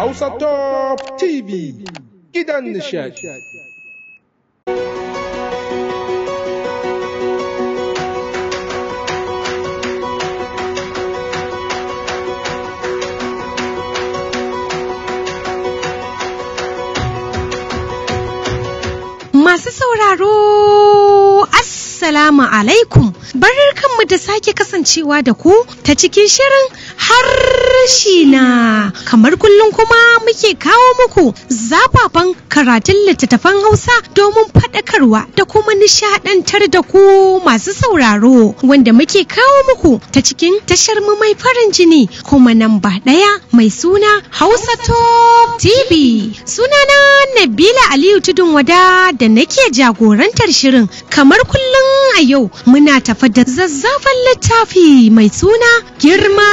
Hausa Top TV gidan nishadi. Masu sauraro, Assalamu alaikum, barkanmu da sake kasancewa da ku ta cikin shirin harshe na kamar kullum kuma muke kawo muku zafafan karatun littattafan hausa domin sadaukarwa da kuma nishadantar da ku masu sauraro wanda muke kawo muku ta cikin tashar mu mai farin jini kuma nan ba ɗaya mai suna Hausa Top TV. Sunana Nabila Aliyu Tudun Wada da nake jagorantar shirin kamar kullum a yau muna tafa da zazzafan littafi mai suna girma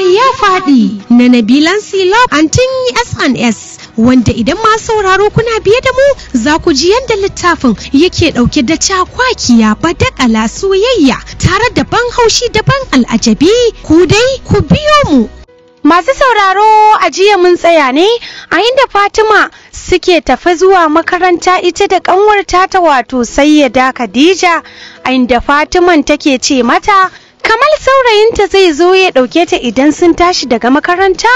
ya faɗi na Nabilan Silop Antin SNS. wanda idan ma sauraro kuna biye da mu za ku ji yadda littafin yake ɗauke da cakwakiya badakala soyayya tare da ban haushi da ban al'ajabi ku dai ku biyo mu Masu sauraro a jiya mun tsaya ne a inda Fatima suke tafi zuwa makaranta ita da kanwarta ta wato sayyada Khadija a inda Fatiman take ce mata Kamal saurayinta zai zo ya ɗauke ta idan sun tashi daga makaranta,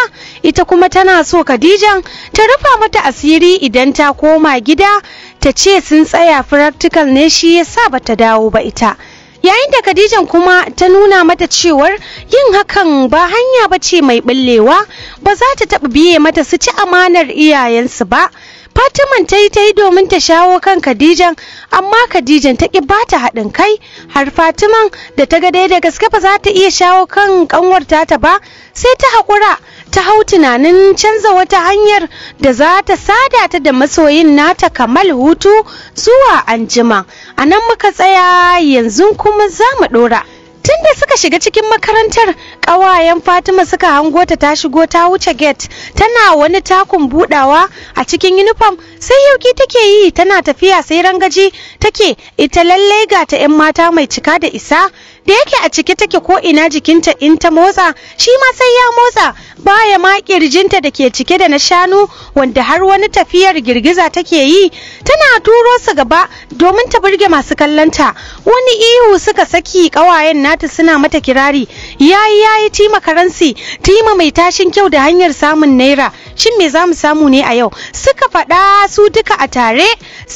ita kuma tana so Khadijan ta rufa mata asiri idan ta koma gida ta ce sun tsaya practical ne shi yasa bata dawo ba ita. Yayin da Khadijan kuma ta nuna mata cewar yin hakan ba hanya ba ce mai billewa ba za ta taba biye mata su ci amanar iyayensu ba. Fatiman ta yi ta yi domin ta shawo kan Khadijan, amma Khadijan ta ki ba ta haɗin kai, har Fatima da ta ga dai da gaske ba za ta iya shawo kan ƙanwarta ta ba, sai ta haƙura ta hau tunanin canza wata hanyar da za ta sada ta da masoyin nata Kamal Hutu zuwa anjima. A nan muka tsaya yanzu kuma za mu ɗora. tunda suka shiga cikin makarantar ƙawayen fatima suka hango ta ta shigo ta wuce gate tana wani takun budawa a cikin uniform sai yauki take yi tana tafiya sai rangaji take ita lallai ga ta 'yan mata mai cika da isa da yake a cike take ko ina jikinta in ta motsa shi ma sai ya motsa baya ma kirjinta da ke cike da na shanu wanda har wani tafiyar girgiza take yi tana turo su gaba domin ta burge masu kallonta wani ihu suka saki kawayen nata suna mata kirari yayi yayi tima karansi tima mai tashin kyau da hanyar samun naira shin me zamu samu ne a yau suka faɗa su duka a tare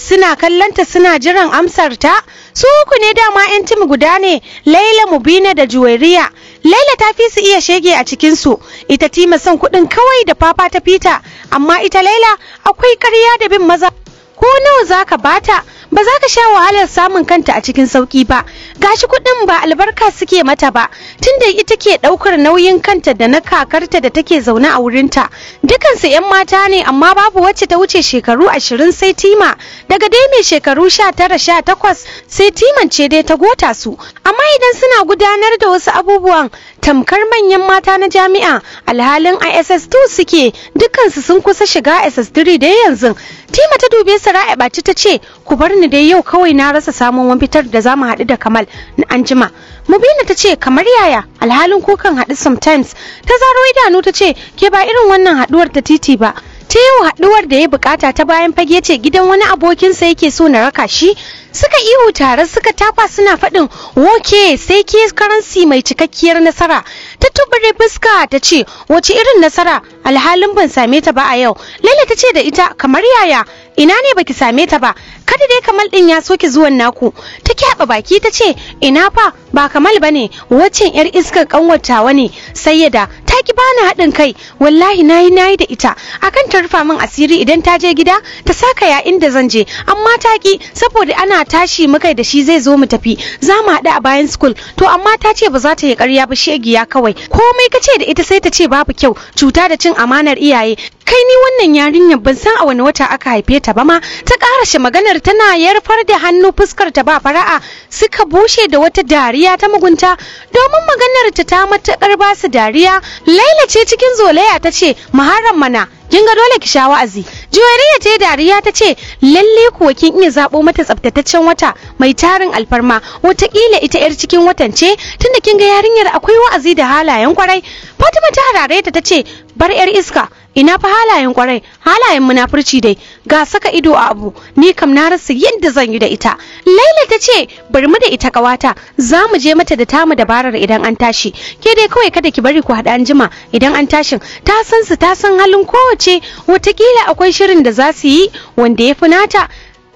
suna kallonta suna jiran amsarta. su ku ne dama 'yan tim guda ne laila mubina da juwairiya Laila ta fi su iya shege a cikinsu, ita tima son kuɗin kawai da fafa ta fita, amma ita Laila akwai ƙarya da bin maza. Ko nawa za ka bata, ba za ka sha wahalar samun kanta a cikin sauƙi ba, gashi kuɗin ba albarka suke mata ba tunda ita ke ɗaukar nauyin kanta da na kakarta da take zaune a wurinta dukansu 'yan mata ne amma babu wacce ta wuce shekaru ashirin sai tima daga dai mai shekaru sha tara sha sai timan ce dai ta gota su amma idan suna gudanar da wasu abubuwan tamkar manyan mata na jami'a alhalin iss2 suke dukansu sun kusa shiga ss3 da yanzu tima ta dube su ra'a ɓaci ta ce ku bar ni dai yau kawai na rasa samun wani fitar da za mu haɗu da kamal hospital na anjima mubina ta ce kamar yaya alhalin kukan haɗu sometimes ta zaro idanu ta ce ke ba irin wannan haɗuwar ta titi ba ta yau haɗuwar da ya bukata ta bayan fage ce gidan wani abokinsa yake so na raka shi suka ihu tare suka tafa suna faɗin woke sai ke karansi mai cikakkiyar nasara ta tubare fuska ta ce wace irin nasara alhalin ban same ta ba a yau laila ta ce da ita kamar yaya ina ne baki same ta ba kada dai kamal din ya soke zuwan naku ta kyaba baki ta ce ina fa ba kamal bane waccan yar iskar kanwata ne sayyada ta ki bani haɗin kai wallahi nayi nayi da ita akan ta rufa min asiri idan ta je gida ta saka ya inda zan je amma ta ki saboda ana tashi mukai da shi zai zo mu tafi za mu haɗu a bayan school to amma ta ce ba za ta yi ƙarya ba giya kawai komai ka ce da ita sai ta ce babu kyau cuta da cin amanar iyaye kai ni wannan yarinyar ban san a wani wata aka haife ta ba ma ta ƙara shi maganar matar tana yarfar da hannu fuskar ta ba fara'a suka bushe da wata dariya ta mugunta domin maganar ta ta matakar ba su dariya laila ce cikin zolaya ta ce maharan mana kin ga dole ki sha wa'azi juwariya ta dariya ta ce lalle kuwa kin iya zabo mata tsaftataccen wata mai tarin alfarma wataƙila ita yar cikin watan ce tunda kin ga yarinyar akwai wa'azi da halayen kwarai fatima ta harare ta ta ce bar yar iska ina fa halayen kwarai halayen munafurci dai ga saka ido a abu ni kam na rasa yadda zan yi da ita laila ta ce bari mu da ita kawata za mu je mata da tamu dabarar idan an tashi ke dai kawai kada ki bari ku hada anjima idan an tashin ta san su ta san halin kowace watakila akwai shirin da za su yi wanda ya fi nata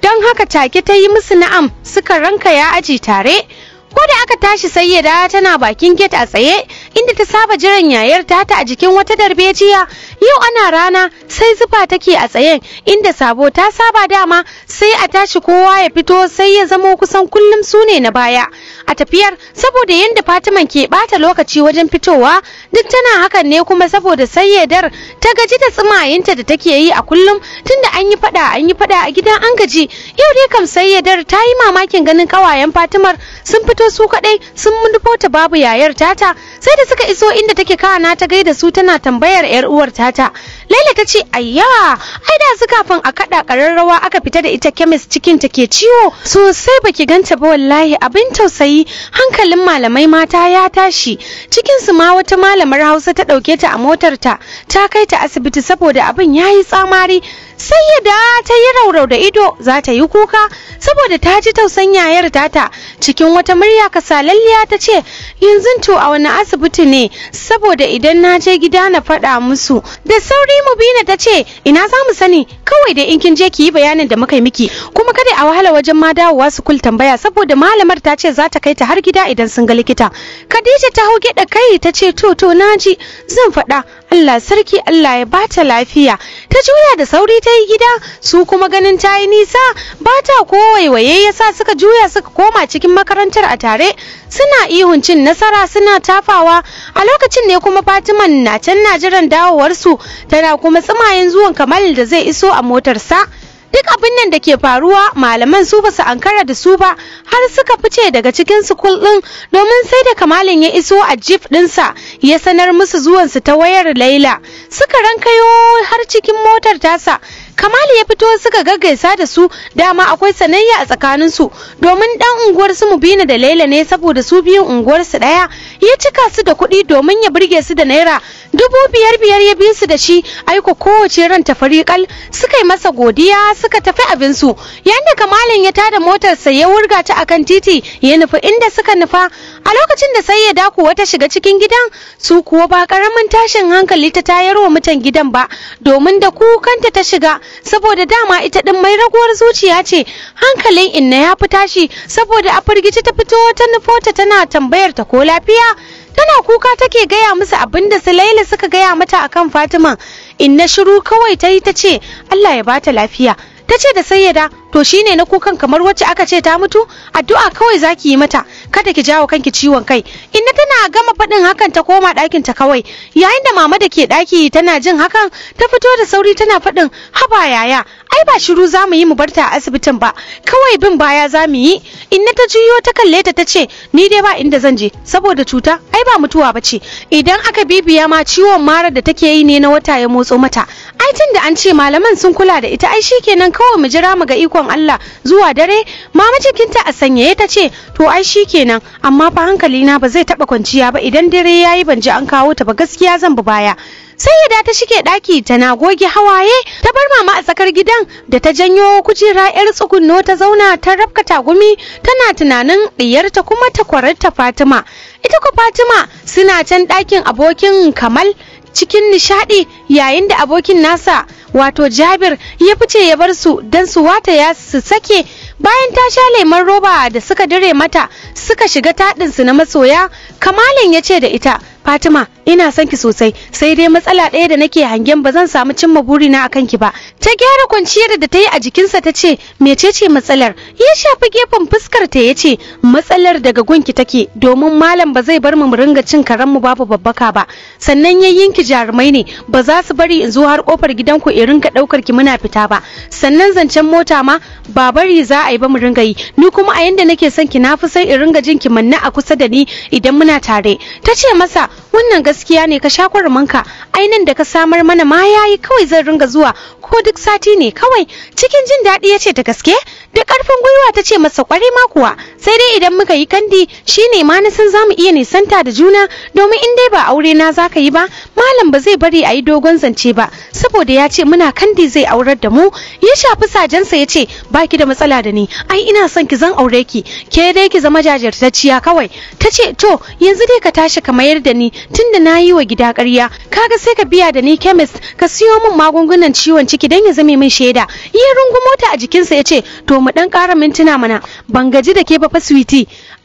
don haka take ta yi musu na'am suka ranka ya aji tare ko da aka tashi sayyada tana bakin gate a tsaye inda ta saba jiran yayar tata a jikin wata darbejiya yau ana rana sai zufa take a tsaye inda sabo ta saba dama sai a tashi kowa ya fito sai ya zamo kusan kullum sune na baya a tafiyar saboda yadda Fatima ke bata lokaci wajen fitowa duk tana hakan ne kuma saboda sayyadar ta gaji da tsimayinta da take yi a kullum tunda an yi fada an yi fada a gidan an gaji yau dai kam sayyadar ta yi mamakin ganin kawayen Fatima sun fito su kadai sun mundufo ta babu yayar tata sai da suka iso inda take kana ta gaida su tana tambayar yar uwar tata Laila ta ce ayya ai da su kafin a kada kararrawa aka fita da ita kemis cikin ta ke ciwo sosai baki ganta ba wallahi abin tausayi hankalin malamai mata ya tashi cikin su ma wata malamar Hausa ta dauke ta a motar ta ta kai ta asibiti saboda abin yayi tsamari sai yadda ta yi raurau da ido za ta yi kuka saboda ta ji tausan yayar tata cikin wata murya kasalalliya ta ce yanzu to a wani asibiti ne saboda idan na je gida na faɗa musu da sauri Mubina ta ce ina za mu sani kawai da in kin je ki yi bayanin da muka yi miki kuma kada a wahala wajen ma dawowa su kul tambaya saboda malamar ta ce za ta kai ta har gida idan sun ga likita. kadija ta hau gyaɗa kai ta ce to to naji zan faɗa Allah sarki Allah ya bata lafiya ta juya da sauri ta yi gida su kuma ganin ta yi nisa ba ta kowaiwaye ya sa suka juya suka koma cikin makarantar a tare suna ihun cin nasara suna tafawa a lokacin ne kuma Fatiman na can na jiran dawowarsu tana kuma tsimayen zuwan Kamal da zai iso a motarsa. duk abin nan da ke faruwa malaman su basu ankara da su ba har suka fice daga cikin sukul din domin sai da kamalin ya iso a jeep dinsa ya sanar musu zuwansu ta wayar laila suka rankayo har cikin motar tasa Kamalu ya fito suka gaggaisa da su dama akwai sanayya a tsakanin su domin dan unguwar su Mubina da Laila ne saboda su biyun unguwar su daya ya cika su da kuɗi domin ya burge su da naira dubu biyar biyar ya bi su da shi aiko kowace ran ta fariƙal suka yi masa godiya suka tafi abinsu yayin da kamalin ya tada motarsa ya wurga ta akan titi ya nufi inda suka nufa a lokacin da sai ya daku wata shiga cikin gidan su kuwa ba karamin tashin hankali ta tayar wa mutan gidan ba domin da kukanta ta shiga saboda dama ita din mai raguwar zuciya ce hankalin inna ya fi tashi saboda a firgici ta fito ta nufo ta tana tambayar ta ko lafiya tana kuka take gaya musu abinda da su laila suka gaya mata akan fatima Inna shiru kawai ta yi ta ce allah ya bata lafiya ta ce da sayyada to shine na kukan kamar wacce aka ce ta mutu addu'a kawai zaki yi mata kada ki jawo kanki ciwon kai inna tana gama faɗin hakan ta koma ɗakin ta kawai yayin da mama da ke ɗaki tana jin hakan ta fito da sauri tana faɗin haba yaya ai ba shiru za mu yi mu barta a asibitin ba kawai bin baya za mu yi inna ta juyo ta kalle ta ta ce ni dai ba inda zan je saboda cuta ai ba mutuwa ba ce idan aka bibiya ma ciwon marar da take yi ne na wata ya motso mata ai tun da an ce malaman sun kula da ita ai kenan kawai mu jira mu ga ikon Allah zuwa dare mama cikinta a sanyaye ta ce to ai kenan. amma fa hankali na ba zai taba kwanciya ba idan dare yayi ban ji an kawo ta ba gaskiya zan bi baya sai ya ta shike daki ta goge hawaye ta bar mama a tsakar gidan da ta janyo kujera yar tsugunno ta zauna ta rabka gumi, tana tunanin diyarta kuma ta kwararta Fatima ita ko Fatima suna can dakin abokin Kamal cikin nishadi yayin da abokin nasa wato jabir ya fice ya bar su don su wata ya su sake bayan ta sha lemon roba da suka dire mata suka shiga taɗinsu na masoya kamalin ya ce da ita Fatima ina son ki sosai sai dai matsala ɗaya da nake hangen ba zan samu cimma burina a kanki ba ta gyara kwanciyar da ta yi a jikinsa ta ce mecece matsalar ya shafi gefen fuskar ta ya ce matsalar daga gunki take domin malam ba zai bar mu ringa cin mu babu babbaka ba sannan ya yinki jarumai ne ba za su bari in zo har kofar gidanku in ringa ɗaukar ki muna fita ba sannan zancen mota ma ba bari za a yi ba mu ringa yi ni kuma a yanda nake son ki na fi son in ringa jin ki manna a kusa da ni idan muna tare ta ce masa wannan gaskiya ne ka sha ka ainihin da ka samar mana ma yayi kawai zan ringa zuwa ko duk sati ne kawai cikin jin daɗi ya ce ta gaske da ƙarfin gwiwa ta ce masa ƙwari ma kuwa sai dai idan muka yi kandi shi ne ma na za mu iya nisanta da juna domin in dai ba aure na za ka yi ba malam ba zai bari a yi dogon zance ba saboda ya ce muna kandi zai aurar da mu ya shafi sajensa ya ce ba ki da matsala da ni ai ina son ki zan aure ki ke dai ki zama jajirtacciya kawai ta ce to yanzu dai ka tashi ka mayar da ni. ni tunda na yi wa gida ƙarya kaga sai ka biya da ni chemist ka siyo min magungunan ciwon ciki don ya zame min shaida yi rungu mota a jikinsa ya ce to mu dan ƙara mintuna mana ban gaji da ke ba fa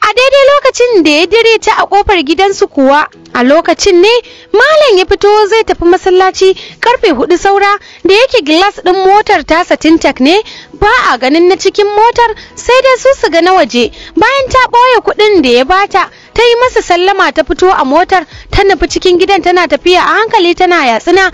a daidai lokacin da ya dire ta a kofar gidansu kuwa a lokacin ne malam ya fito zai tafi masallaci karfe hudu saura da yake gilas din motar tasa tintak ne ba a ganin na cikin motar sai dai su su ga na waje bayan ta ɓoye kuɗin da ya bata ta yi masa sallama ta fito a motar ta nufi cikin gidan tana tafiya a hankali tana yatsuna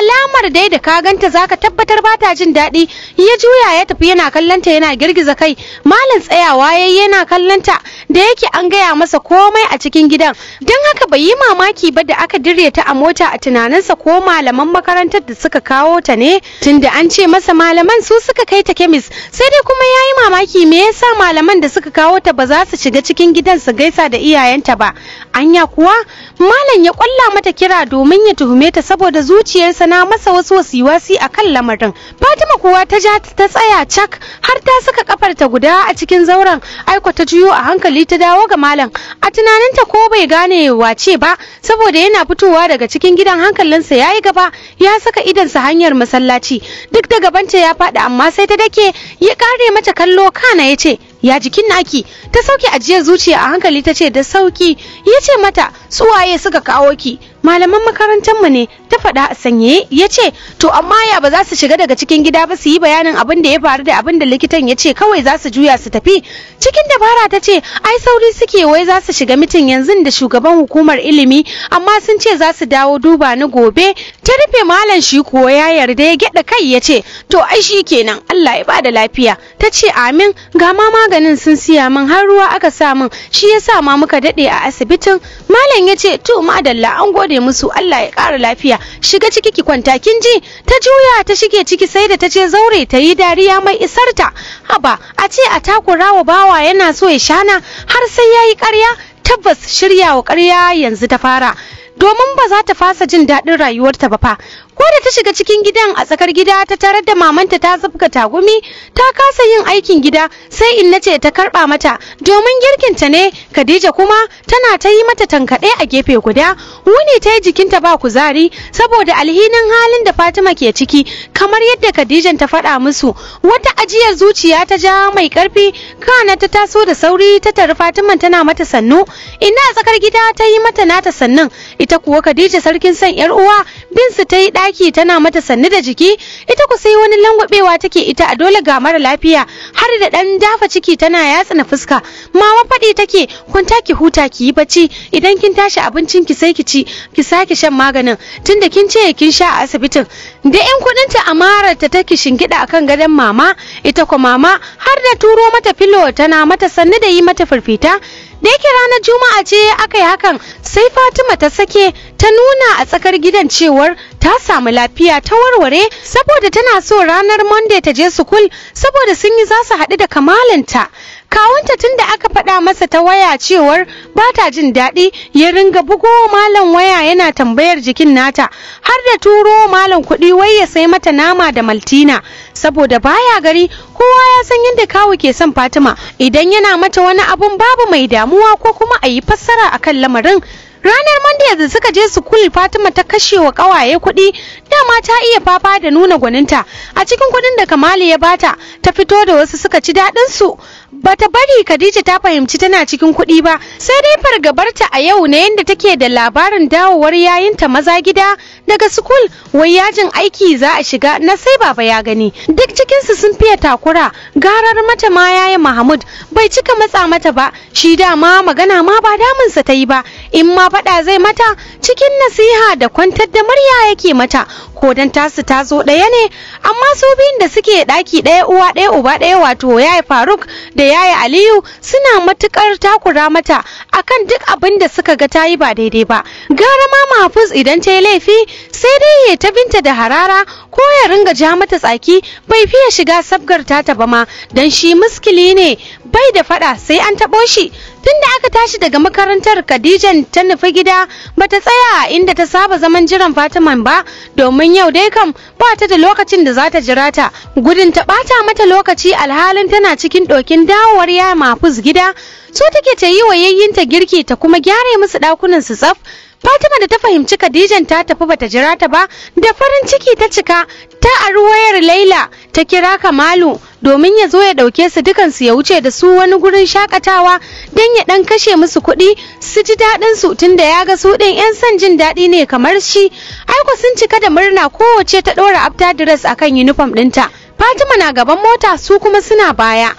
alamar dai da ka ganta zaka tabbatar ba ta jin daɗi ya juya ya tafi yana kallanta yana girgiza kai malam tsayawa ya yi yana kallanta da yake an gaya masa komai a cikin gidan don haka bai yi mamaki ba da aka dirye ta a mota a tunaninsa ko malaman makarantar da suka kawo ta ne tunda an ce masa malaman su suka kai ta kemis sai dai kuma ya yi mamaki me yasa malaman da suka kawo ta ba za su shiga cikin gidan su gaisa da iyaye iyayenta ba anya kuwa malam ya kwalla mata kira domin ya tuhume ta saboda zuciyarsa na masa wasu wasiwasi akan lamarin fatima kuwa ta ja ta tsaya cak har ta saka kafarta guda a cikin zauren aiko ta juyo a hankali ta dawo ga malam a tunaninta ko bai gane wace ba saboda yana fitowa daga cikin gidan hankalinsa yayi gaba ya saka idansa hanyar masallaci duk da gabanta ya faɗi amma sai ta dake ya kare mata kallo kana ya ce ya jikin naki ta sauke ajiyar zuciya a hankali ta ce da sauki ya ce mata su suka kawo ki malaman makarantar mu ne ta faɗa a sanye ya ce to amma ya ba za su shiga daga cikin gida ba su yi bayanin abin da ya faru da abin da likitan ya ce kawai za su juya su tafi cikin dabara ta ce ai sauri suke wai za su shiga mitin yanzu da shugaban hukumar ilimi amma sun ce za su dawo duba ni gobe ta rufe malam shi kuwa ya yarda ya gyaɗa kai ya ce to ai shi kenan Allah ya bada lafiya ta ce amin ga ma maganin sun siya min har ruwa aka sa min shi yasa ma muka dade a asibitin malam ya ce to madalla an gode gode musu Allah ya ƙara lafiya shiga ciki ki kwanta kin ji ta juya ta shige ciki sai da ta je zaure ta yi dariya mai isarta haba a ce a takura wa bawa yana so ya shana har sai ya yi ƙarya tabbas shirya wa ƙarya yanzu ta fara domin ba za ta fasa jin daɗin rayuwarta ba fa Ko da ta shiga cikin gidan a tsakar gida ta tarar da mamanta ta zubka tagumi ta kasa yin aikin gida sai inna ce ta karba mata domin girkin ta ne Khadija kuma tana ta yi mata tankaɗe a gefe guda wuni ta yi jikinta ba kuzari saboda alhinin halin da Fatima ke ciki kamar yadda khadija ta faɗa musu wata ajiyar zuciya ta ja mai ƙarfi kana ta taso da sauri ta tari Fatima tana mata sannu ina tsakar gida ta yi mata nata sannan ita kuwa Khadija sarkin san yar uwa bin su ta yi daki tana mata sannu da jiki ita ku sai wani langwabewa take ita a dole ga mara lafiya har da ɗan dafa ciki tana yatsa na fuska mama faɗi take kwanta ki huta ki yi bacci idan kin tashi abincin ki sai ki ci ki sake shan maganin tunda kin ce kin sha a asibitin da yan ta amara ta take shingida akan gadon mama ita ko mama har da turo mata filo tana mata sannu da yi mata firfita da yake ranar juma'a ce aka yi hakan sai fatima ta sake ta nuna a tsakar gidan cewar ta samu lafiya ta warware saboda tana so ranar monday ta je sukul saboda sun yi za su haɗu da kamalanta kawunta tun da aka faɗa masa ta waya cewar ba ta jin daɗi ya ringa bugo malam waya yana tambayar jikin nata har da turo malam kuɗi wai ya sai mata nama da maltina saboda baya gari kowa ya san yadda kawu ke son fatima idan yana mata wani abun babu mai damuwa ko kuma a yi fassara akan lamarin ranar monday da suka je su sukul fatima ta kashe wa kawaye kuɗi dama ta iya fafa da nuna gwaninta a cikin kuɗin da kamali ya bata ta fito da wasu suka ci daɗin su bata bari Khadija ta fahimci tana cikin kuɗi ba sai dai fargabarta a yau na yadda take da labarin dawowar yayinta maza gida daga sukul wai yajin aiki za a shiga na sai baba ya gani duk cikinsu sun fiye takura garar mata ma yayin Mahmud bai cika matsa mata ba shi da ma magana ma ba damunsa ta yi ba in ma faɗa zai mata cikin nasiha da kwantar da murya yake mata ko dan tasu ta zo ɗaya ne amma su biyun da suke ɗaki ɗaya uwa ɗaya uba ɗaya wato yaya Faruk da da yaya Aliyu suna matukar takura mata akan duk abin da suka ga tayi ba daidai ba. Gara ma Mahfuz idan ta yi laifi sai dai ya ta binta da harara ko ya ringa ja mata tsaki bai fiye shiga sabgar tata ba ma dan shi muskili ne bai da fada sai an taɓo shi Tunda aka tashi daga makarantar Khadijan ta nufi gida bata tsaya inda ta saba zaman jiran Fatima ba domin yau dai kam ba ta da lokacin da za ta jira ta. Gudun ta bata mata lokaci alhalin tana cikin ɗokin dawowar ya mafus gida su take ta yi wa yayyinta girki ta kuma gyara musu ɗakunan su tsaf. Fatima da ta fahimci Khadijan ta tafi bata jira ta ba da farin ciki ta cika ta wayar Laila ta kira Kamalu domin ya zo ya ɗauke su dukansu ya wuce da su wani gurin shakatawa don ya ɗan kashe musu kuɗi su ji daɗin su tunda ya ga su ɗin 'yan son jin daɗi ne kamar shi aiko sun cika da murna kowace ta ɗora after dress kan uniform ɗinta fatima na gaban mota su kuma suna baya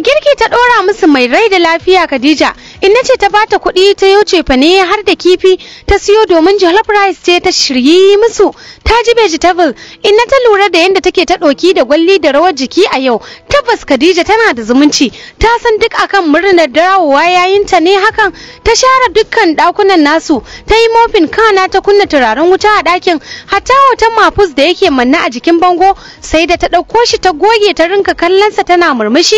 girki ta ɗora musu mai rai da lafiya Khadija inna ce ta bata kuɗi ta yoce fa ne har da kifi ta siyo domin jollof rice ce ta shirye musu ta ji vegetable inna ta lura da yadda take ta ɗoki da gwalli da rawar jiki a yau tabbas Khadija tana da zumunci ta san duk akan murnar dawowa yayin ta ne hakan ta share dukkan ɗakunan nasu ta yi mofin kana ta kunna turaren wuta a ɗakin hatta wata mafus da yake manna a jikin bango sai da ta ɗauko shi ta goge ta rinka kallonsa tana murmushi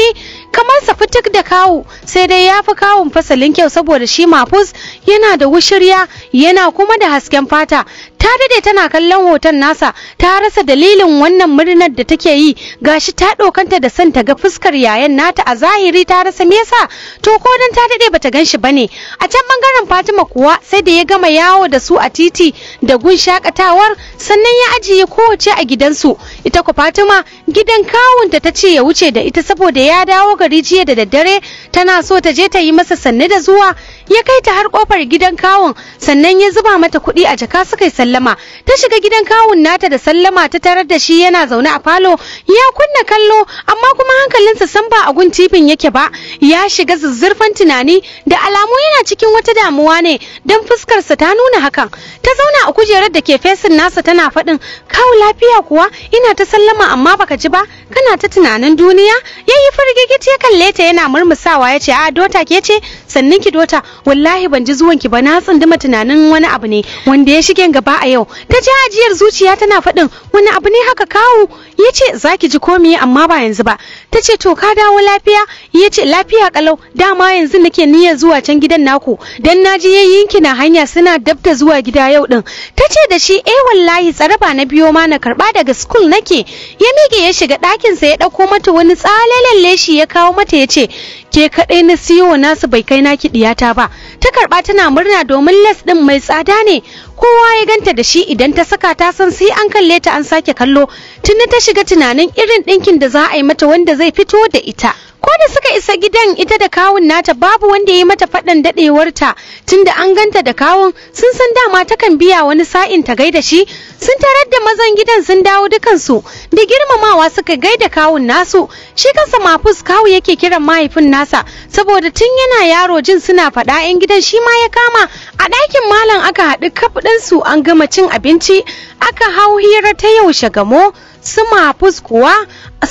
kamar sa fitik da kawu sai dai ya fi kawun fasalin kyau saboda shi mafus yana da wushirya yana kuma da hasken fata ta dade tana kallon hoton nasa ta rasa dalilin wannan murnar da take yi gashi ta dokanta da son ta ga fuskar yayan nata a zahiri ta rasa me yasa to ko dan ta dade bata gan shi bane a can bangaren Fatima kuwa sai da ya gama yawo da su a titi da gun shakatawar sannan ya ajiye kowace a gidansu ita ku Fatima gidan kawunta ta ce ya wuce da ita saboda ya dawo ga. kokari jiya da daddare tana so ta je ta yi masa sanne da zuwa ya kai ta har kofar gidan kawun sannan ya zuba mata kuɗi a jaka suka yi sallama ta shiga gidan kawun nata da sallama ta tarar da shi yana zaune a falo ya kunna kallo amma kuma hankalinsa san ba a gun tifin yake ba ya shiga zuzzurfan tunani da alamu yana cikin wata damuwa ne don fuskarsa ta nuna hakan ta zauna a kujerar da ke fesin nasa tana faɗin kawu lafiya kuwa ina ta sallama amma baka ji ba kana ta tunanin duniya yayi firgigit ya kalle ta yana murmusawa ya ce a dota ke ce sannan ki dota wallahi ban ji zuwan ki ba na tsunduma tunanin wani abu ne wanda ya shige gaba a yau ta ji ajiyar zuciya tana faɗin wani abu ne haka kawo ya ce za ki ji komi amma ba yanzu ba ta ce to ka dawo lafiya ya ce lafiya kalau dama yanzu nake niyya zuwa can gidan naku dan naji yayyinki na hanya suna dabta zuwa gida yau din ta ce da shi eh wallahi tsaraba na biyo ma na karba daga school nake ya mige ya shiga ɗakin sa ya ɗauko mata wani lalle shi ya kawo mata ya ce ke kaɗai na siyo nasu bai kai naki diyata ba ta karba tana murna domin les din mai tsada ne kowa ya ganta da shi idan ta saka ta san sai an kalle ta an sake kallo tuni ta shiga tunanin irin ɗinkin da za a yi mata wanda zai fito da ita ko da suka isa gidan ita da kawun nata babu wanda ya yi mata faɗan daɗewarta tunda an ganta da kawun sun san dama takan biya wani sa'in ta gaida shi sun tarar da mazan gidan sun dawo dukansu da girmamawa suka gaida kawun nasu shi kansa mafus kawu yake kiran mahaifin nasa saboda tun yana yaro jin suna faɗa 'yan gidan shi ma ya kama a ɗakin malam aka haɗu kaf ɗinsu an gama cin abinci aka hau hira ta yaushe gamo. su mafus kuwa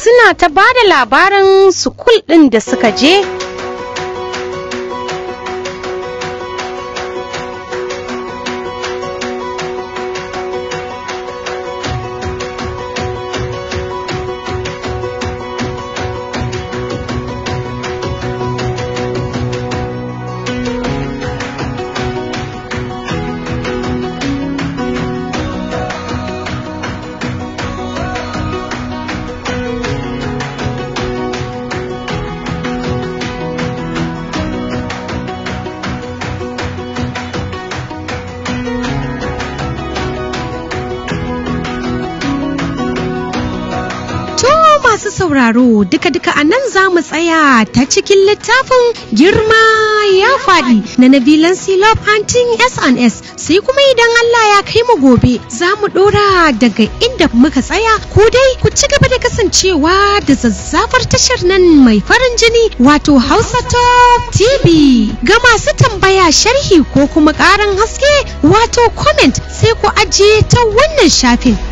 suna ta ba da labarin sukul ɗin da suka je sauraro duka-duka a nan za mu tsaya ta cikin littafin girma ya faɗi na Nabilan Silop Hunting S&S sai kuma idan Allah ya kai mu gobe za mu ɗora daga inda muka tsaya ku dai ku ci gaba da kasancewa da zazzafar tashar nan mai farin jini wato Hausa Top TV ga masu tambaya sharhi ko kuma ƙarin haske wato comment sai ku ajiye ta wannan shafin.